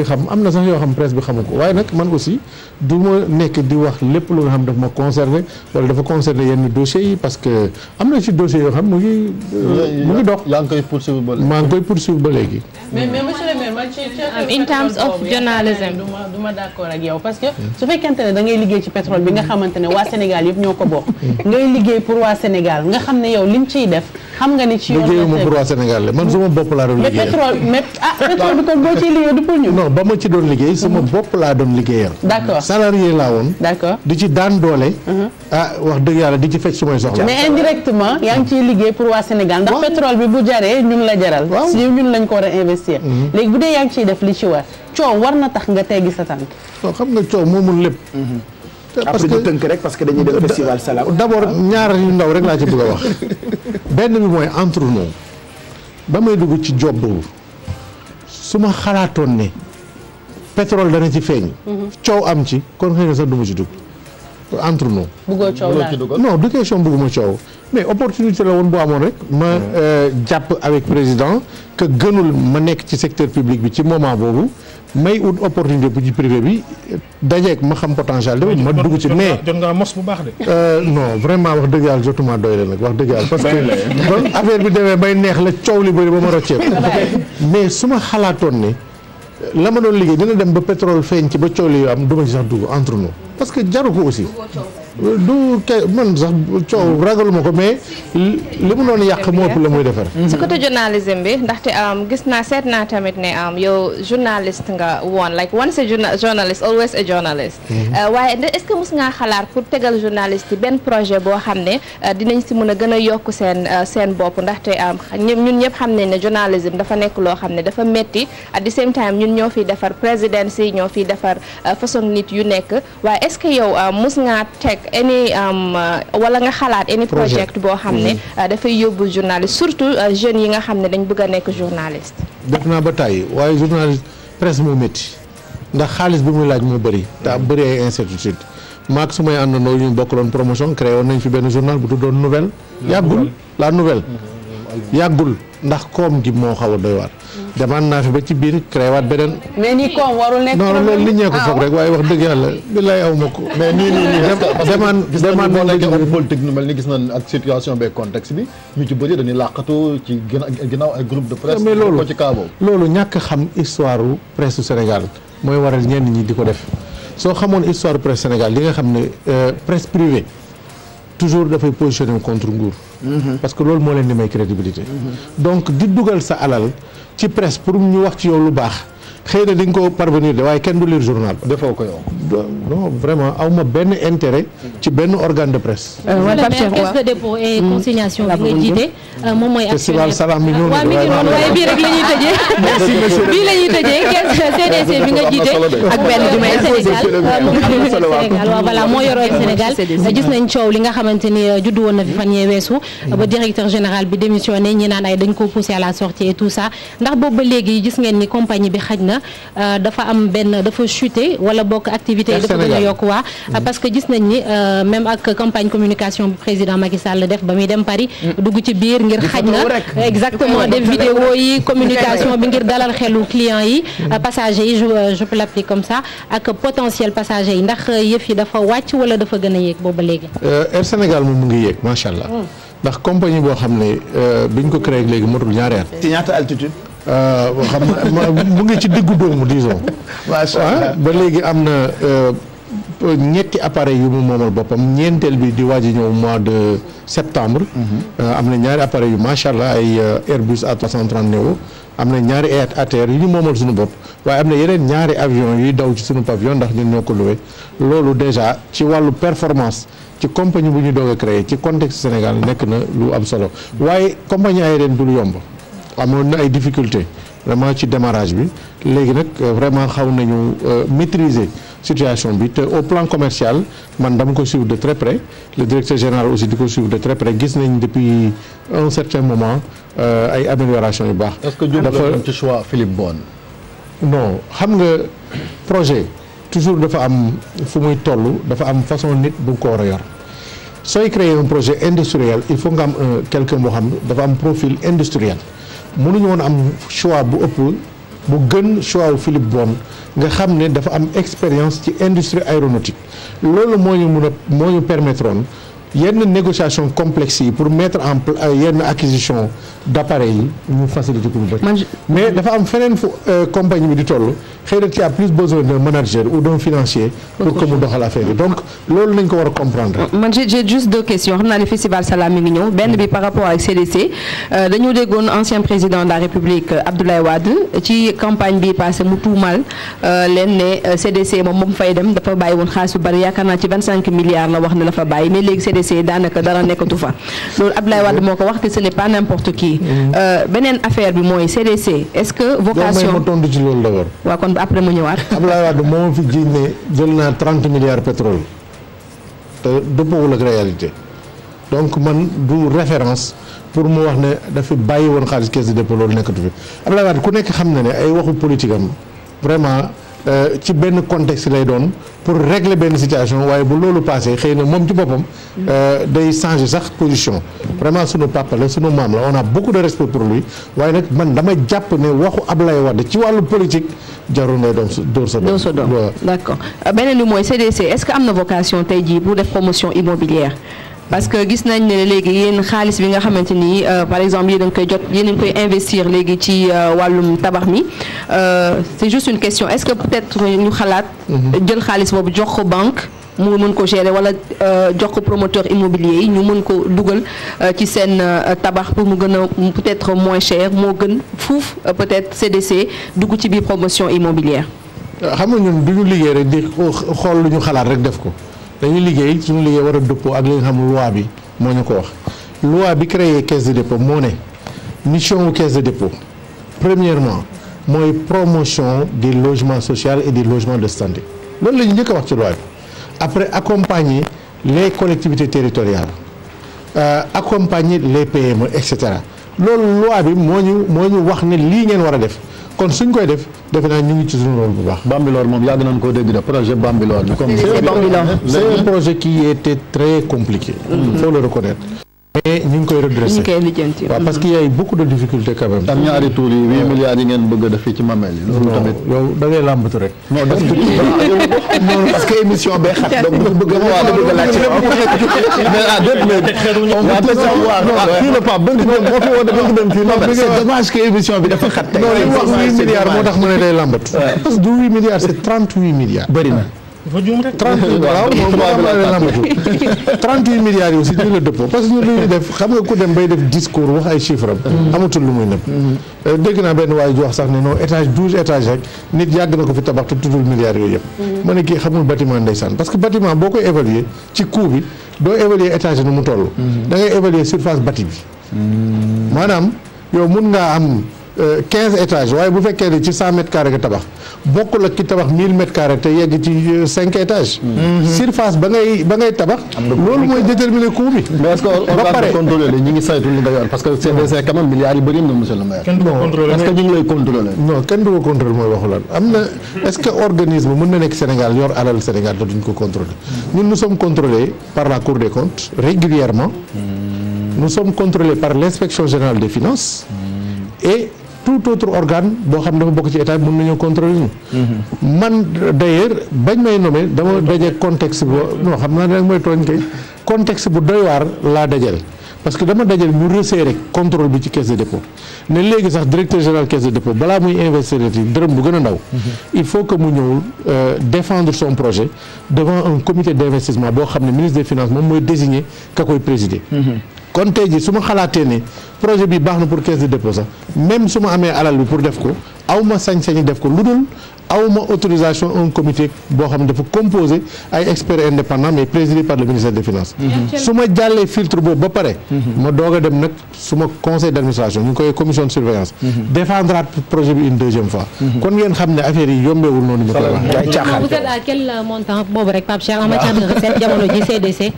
bi xam am na sax yoo xam presse bi xamu ko waaye nag man aussi du ma nekk di wax lépp lu nga xam daf ma concerné wala dafa concerné yenn dossiers yi parce que am na ci dossiers yoo xam mu ngi. mu koy poursuivre ba léegi maa ba léegi. mais mais monsieur le maire man ci ci ma du ma ak yow parce que. su fekkente ne da liggéey ci pétrole bi nga xamante ne waa Sénégal yëpp ñoo ko bokk. ngay liggéey pour waa Sénégal nga xam ne yow lim ciy def. xam nga ni ci yoon liggéeyuma pour waa Sénégal man suma bopp laa doon liggéey mais pétrole mais bi ah, kon boo ciy liggéey du pour ñu. ba ma ci doon liggéey sama mhm. bopp laa doon liggéeyal. d'accord salarié laa woon. d'accord di ci daan doole. Mhm. ah wax dëgg yàlla di ci fekk su may soxla. mais indirectement yaa ngi ciy liggéey pour waa Sénégal. ndax pétrole bi bu jaree ñun la jaral. waaw si ñun lañ ko war a investir. Mhm. léegi bu dee yaa ngi ciy def li ci war coow war na tax nga teggi sa tànk. non xam nga coow moomul lépp. parce que tënk rek parce que dañuy dem festival Salam. d'abord ñaar yu ndaw rek laa ci bëgg a wax benn bi mooy entre nous ba may dugg ci job boobu su ma xalaatoon ne. pétrole dana ci feeñ. Mhm. coow am ci kon xëy na sax du ci dugg entre nous. bëggoo coow daal du question bëgguma coow mais opportunité la woon boo amoon rek. ma mhm. euh, jàpp avec président que gënul ma nekk ci secteur public bi ci moment boobu. may ut opportunité bu ci privé bi dajeeg ma xam potentiel de ma dugg ci mais jot nga mos bu baax de. Euh, non vraiment wax dëgg yàlla jotuma doy la nag wax dëgg yàlla parce que affaire bi demee bay neex la coow li bëri ba ma rocceeku mais su ma xalaatoon ne. la ma doon liggéey dina dem ba pétrole feeñ ci ba coow yu am duma ci sax dugg entre nous parce que jaru ko aussi du kay man sax coow ragaluma ko mais li mu doon yàq moo ëpp la muy defar si côté journalisme bi ndaxte gis naa seet naa tamit ne yow journaliste nga woon like once a journalist always a journalist mhm. euh, waaye est-ce que mos ngaa xalaat pour tegal journaliste yi benn projet boo xam ne euh, dinañ si mën a gën a yokk seen euh, seen bopp ndaxte ñun ñëpp xam nañ ne journalisme dafa nekk loo xam ne dafa metti at the same time ñun ñoo fiy defar présidence yi ñoo fiy defar nekk est que yow euh, mus ngaa teg any um, euh, wala nga xalaat any project boo xam ne mhm. euh, dafay yóbbu journaliste surtout jeunes yi nga xam ne dañ bëgg a nekk journaliste def naa ba tàyyi waaye journaliste presse moo métti ndax xaalis bi muy laaj moo bëri te am bëri ay incertitude maag sumay àndandoo ñu bokkaloon promotion créé woon nañ fi benn journal bu tuddoon nouvelle yàggul la nouvelle mhm. yàggul ndax koom gi moo xaw a doy waar. demaat naa fi ba ci biir créé beneen. mais ni koom warul loolu li ñee ko foog rek ah, waaye wax dëgg yàlla billaay awma ko. mais nii nii nii parce que gis ni gis nañ ak situation beeg contexte bi ñu ci bëri dañuy làqatu ci ginnaaw ay groupe de presse. mais loolu ci kaaboo loolu ñàkk xam histoire u su Sénégal mooy waral ñenn ñi di ko def soo xamoon histoire presse Sénégal li nga xam ne euh, presse privée toujours dafay positionné contre nguur. parce que loolu moo leen di may crédibilité mm-hmm. donc di dugal sa alal ci presse pour ñu wax ci yow lu baax xëy dañ di nga ko parvenir de waaye kenn du lire journal ba. defoo ko yow. non vraiment aw ma benn intérêt. ci benn organ de presse. wala euh, maire caisse de dépôt hmm. consignation bi nga jiite. moom mooy actionnaire waaw salaam mi ngi noonu waaye bii rek la ñuy bi nga jiite. ak benn Sénégal moom mooy Sénégal waaw voilà moo yoroon Sénégal. gis nañ coow li nga xamante ni euh, juddu woon na fi fan yee weesu. Mm. ba directeur général bi démissionné ñi naan ay dañ ko poussé à la sortie et tout ça ndax boobu ba léegi gis ngeen ni compagnie bi xaj na euh, dafa am benn dafa chuté wala bokk activité yi dafa gën a yokk waa mm-hmm. parce que gis nañ ni euh, même ak campagne communication bi président Macky Sall def ba muy dem Paris mm-hmm. dugg ci biir ngir xaj na exactement de vidéos yi communication bi ngir dalal xelu clients yi mm-hmm. passagers yi je euh, peux comme ça ak potentiel passagers yi ndax yëf yi dafa wàcc wala dafa gën a yéeg booba léegi Air Sénégal moom mu ngi yéeg macha allah mm. ndax compagnie boo xam ne biñ ko créé léegi motul ñaari Euh, xam mu ngi ci diggu doomu disons. macha allah ah, ba léegi am na euh, ñetti appareil yu mu moomal boppam ñeenteel bi di waaj a ñëw mois de septembre. Mhm. Euh, am na ñaari appareil yu macha allah ay Airbus A330 neo am na ñaari ATR yu ñu moomal suñu bopp waaye am na yeneen ñaari avion yuy daw ci suñu pavillon ndax ñun ñoo ko loué loolu déjà ci wàllu performance ci compagnie bu ñuy doog a ci contexte Sénégal nekk na lu am solo waaye compagnie aérienne du lu yomb. amoon na ay difficulté vraiment ci démarrage bi léegi nag euh, vraiment xaw nañu euh, maitriser situation bi te au plan commercial man dama ko suivre de très près le directeur général aussi di ko suivre de très près gis nañ depuis un certain moment euh, ay amélioration yu baax. est-ce que ci choix Philippe Bonne. non xam nga projet toujours dafa am fu muy toll dafa am façon nit bu ko war a sooy créer un projet industriel il faut nga am quelqu'un boo xam dafa am profil industriel mënuñu woon am choix bu ëpp bu gën choix wu Philippe Bon nga xam ne dafa am expérience ci industrie aéronautique loolu moo ñu mun a moo ñu permettroon yenn négociation complexe yi pour mettre en place euh, yenn acquisition d' appareils yi ñu facilité ko bu bëri mais dafa am feneen fu euh, compagnie bi di toll xëy na tu as plus besoin d'un manager ou d'un financier pour que mu doxal affaire donc loolu nañ ko war a comprendre. man j'ai juste deux questions xam naa ne festival Salam mi ngi ñëw benn bi par rapport ak CDC euh, dañoo déggoon ancien président de la République euh, Abdoulaye Wade ci campagne bi passé mu tuumal euh, leen ne CDC moom moom fay dem dafa bàyyi woon xaalis bu bari yaakaar naa ci 25 milliards la wax ne la fa bàyyi mais léegi CDC daanaka dara nekkatu fa loolu Abdoulaye après mu ñëwaat. Abdoulaye Wade moom fi jiiñ ne jël naa trente milliards pétrole te dëppoowul ak réalité donc man du référence pour mu wax ne dafa bàyyi woon xaalis kes de dépôt loolu nekkatu fi Abdoulaye Wade ku nekk xam na ne ay waxu politique am vraiment. Euh, ci benn contexte lay doon pour régler benn situation waaye bu loolu passé xëy na moom ci boppam. Euh, day changer sax position. vraiment sunu papa la sunu maam la on naa beaucoup de respect pour lui waaye nag man dama jàpp ne waxu Ablaye Wade ci wàllu politique jarul ngay doon sa dóor sa doom. dóor sa doom d'accord beneen bi mooy CDC est-ce que am na vocation tey jii pour def promotion immobilière. parce que gis nañ ne léegi yéen xaalis bi nga xamante ni euh, par exemple yéen a ngi koy jot yéen a ngi koy investir léegi ci euh, wàllum tabax mi euh, c'est juste une question est-ce que peut-être ñu xalaat. Mhm. jël xaalis boobu jox ko banque. mu mën ko gérer wala jox ko promoteur immobilier yi ñu mën ko dugal ci seen tabax pour mu gën a peut-être moins cher moo gën fuuf peut-être CDC dugg ci biir promotion immobilière. xam nga ñun du ñu liggéey rek di xool lu ñu xalaat rek def ko. dañuy liggéey suñu liggéey war a dëppoo ak li nga xam loi bi moo ñu ko wax loi bi créé caisse de dépôt moo ne mission wu caisse de dépôt premièrement mooy promotion des logements sociaux et des logements de santé loolu la ñu wax ci loi bi après accompagner les collectivités territoriales euh, accompagner les PME et cetera loolu loi bi moo ñu moo ñu wax ni lii ngeen war a def kon suñ koy def defe naa ñu ngi ci suñu rôle bu baax. Bambilor moom yàgg nañu koo dégg de projet Bambilor bi. comme c'est un projet qui était très compliqué. il mm. faut le reconnaître. mais ñu ngi koy redressé waaw parce que y a eu beaucoup de difficultés quand même. tam ñaari tuur yi huit milliards yi ngeen bëgg a def fii ci mamel yi. loolu tamit yow da ngay làmbatu rek. non parce que émission bee xat donc dafa bëgg a waaw dafa bëgg a laaj ci mais ah déet mais on va te savoir fii la Pape bëgg dem boo fi woo bëgg dem fii non c'est dommage que émission bi dafa xat tey non li wax huit milliards moo tax mu ne day làmbatu parce que du huit milliards c'est trente huit milliards bëri na dafa juum rek. 38 waaw moom 38 milliards yi aussi ñu la dëppoo parce que ñun li ñu def xam nga ku dem bay def discours wax ay chiffres am. Mm-hmm. amatul lu muy nëb. Mm-hmm. Euh, dégg naa benn waay ju wax sax ne non étage 12 étage rek nit yàgg na ko fi tabax te tuddul milliards yooyu yëpp. Mm-hmm. ma ne kii xamul bâtiment ndeysaan parce que bâtiment boo koy évaluer ci coût bi doo évaluer étage nu mu toll. da ngay évaluer surface bâti bi. maanaam yow mun ngaa am. Euh, quinze étages waaye bu fekkee ne ci cent mètres carrés nga tabax bokkul ak ki tabax mille mètres carrés te yegg ci euh, cinq étages. Mm-hmm. surface ba ngay ba ngay tabax. loolu mooy déterminer coût bi. mais est-ce que de contrôle nga yor parce ngi lay contrôler. non kenn du ko contrôler mooy waxu lan am na est-ce na nekk Sénégal yor alal Sénégal te ko contrôler ñun nous sommes contrôlés par la Cour des comptes régulièrement mm. nous sommes contrôlés par l'inspection générale des finance mm. et tout autre organe boo xam dafa bokk ci état mën nañoo contrôler ñu. Mhm. man d'ailleurs bañ may nommé dama daje contexte boo non xam naa ne nag mooy tooñ kay contexte bu doy waar laa dajale parce que dama dajale ñu resserré contrôle bi ci caisse de dépôt ne léegi sax directeur général caisse de dépôt balaa muy investir ci dërëm bu gën a ndaw. Mhm. il faut que mu ñëw euh, défendre son projet devant un comité d'investissement boo xam ne ministre des finances moom mooy désigner kon tey jii su ma xalaatee ne projet bi baax na pour caisse de dépôt sax même su ma amee alal bi pour def ko aw ma sañ-sañu def ko lu dul aw ma autorisation un comité boo xam ne dafa composé ay experts indépendants mais présidé par le ministère des finances. su ma jàllee filtre boobu ba pare. Mhm. ma doog a dem nag su ma conseil d' administration ñu ngi koy commission de surveillance. Mhm. défendraat projet bi une deuxième fois. Mhm. kon ngeen xam ne affaire yi yombeewul noonu. ñu koy wax ay caaxaan